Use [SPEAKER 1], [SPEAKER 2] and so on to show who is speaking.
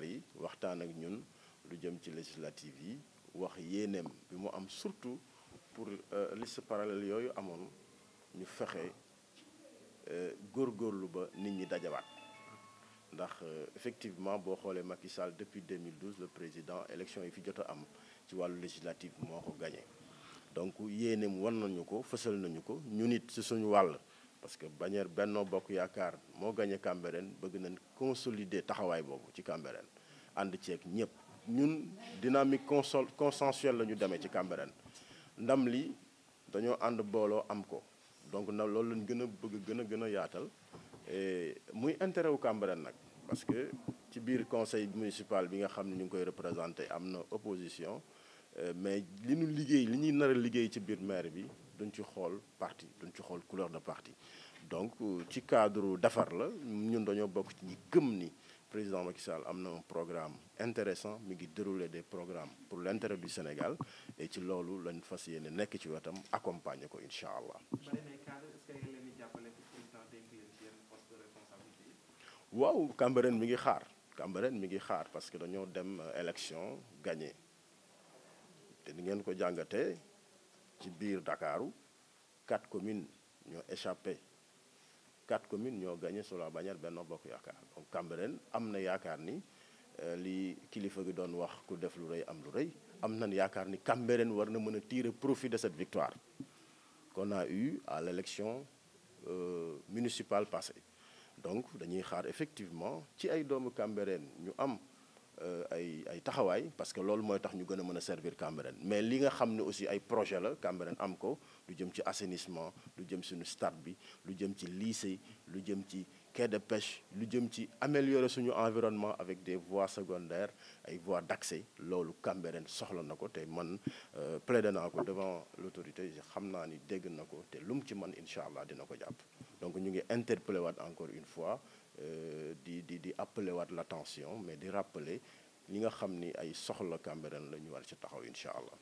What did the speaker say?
[SPEAKER 1] Dakar yi waxtaan ak ñun lu jëm ci législative yi wax yéeneem bi mu am surtout pour euh, liste parallèle yooyu amoon ñu fexe góor euh, góorgóorlu ba nit ñi dajawaat ndax euh, effectivement boo xoolee Macky Sall depuis 2012 le président élection yi fi jot am ci wàllu législative moo ko gagné donc yéeneem wan nañu ko fësal nañu ko ñun it ci suñu wàll parce que bannière Benno Bokk Yaakaar moo gagné Cambérène bëgg nañ consolider taxawaay boobu ci Cambérène ànd ceeg ñëpp ñun dynamique consol consensuelle la ñu demee ci Cambérène ndam li dañoo ànd booloo am ko donc na loolu lañ gën a bëgg gën a gën a yaatal muy intérêt wu Cambérène nag parce que ci biir conseil municipal bi nga xam ne ñu ngi koy représenté am na opposition euh, mais li ñu liggéey li ñuy nar liggéey ci biir maire bi duñ ci xool parti duñ ci xool couleur de parti donc euh, ci cadre defar la ñun dañoo bokk ci ñi gëm ni président Macky Sall am na programme intéressant mi ngi dérouler des programme pour l'intérêt du Sénégal et ci loolu lañu fas yéene nekk ci wetam accompagner ko incha allah. waaw Cambérène mi ngi xaar Cambérène mi ngi xaar parce que dañoo dem euh, élection gagné te ni ngeen ko jàngatee. ci biir Ndakaaru quatre commune ñoo échappé quatre commune ñoo gagné sur la bannière Benno Bokk Yaakaar donc Cambérène am na yaakaar ni euh, li kilifa gi doon wax ku def lu rëy am lu rëy am na yaakaar ni Cambérène war na mën a tirer profit de cette victoire qu'on a eu à l'élection euh, municipale donc dañuy xaar effectivement ci ay doomu Cambérène ñu am Euh, ay ay taxawaay parce que loolu mooy tax ñu gën a mën a servir Cambérène mais li nga xam ne aussi ay projet la Cambérène am ko lu jëm ci assainissement lu jëm suñu stade bi lu jëm ci lycée lu jëm ci quai de pêche lu jëm ci améliorer suñu environnement avec des voies secondaires ay voies d'accès loolu Cambérène soxla na ko te man euh, plaidé naa ko devant l'autorité xam naa ni dégg na ko te lu mu ci man incha allah dina ko jàpp donc ñu ngi interpellé waat encore une fois euh, di di di appelé waat l' attention mais di rappeler li nga xam ni ay soxla Cambérène la ñu war ci taxaw incha allah.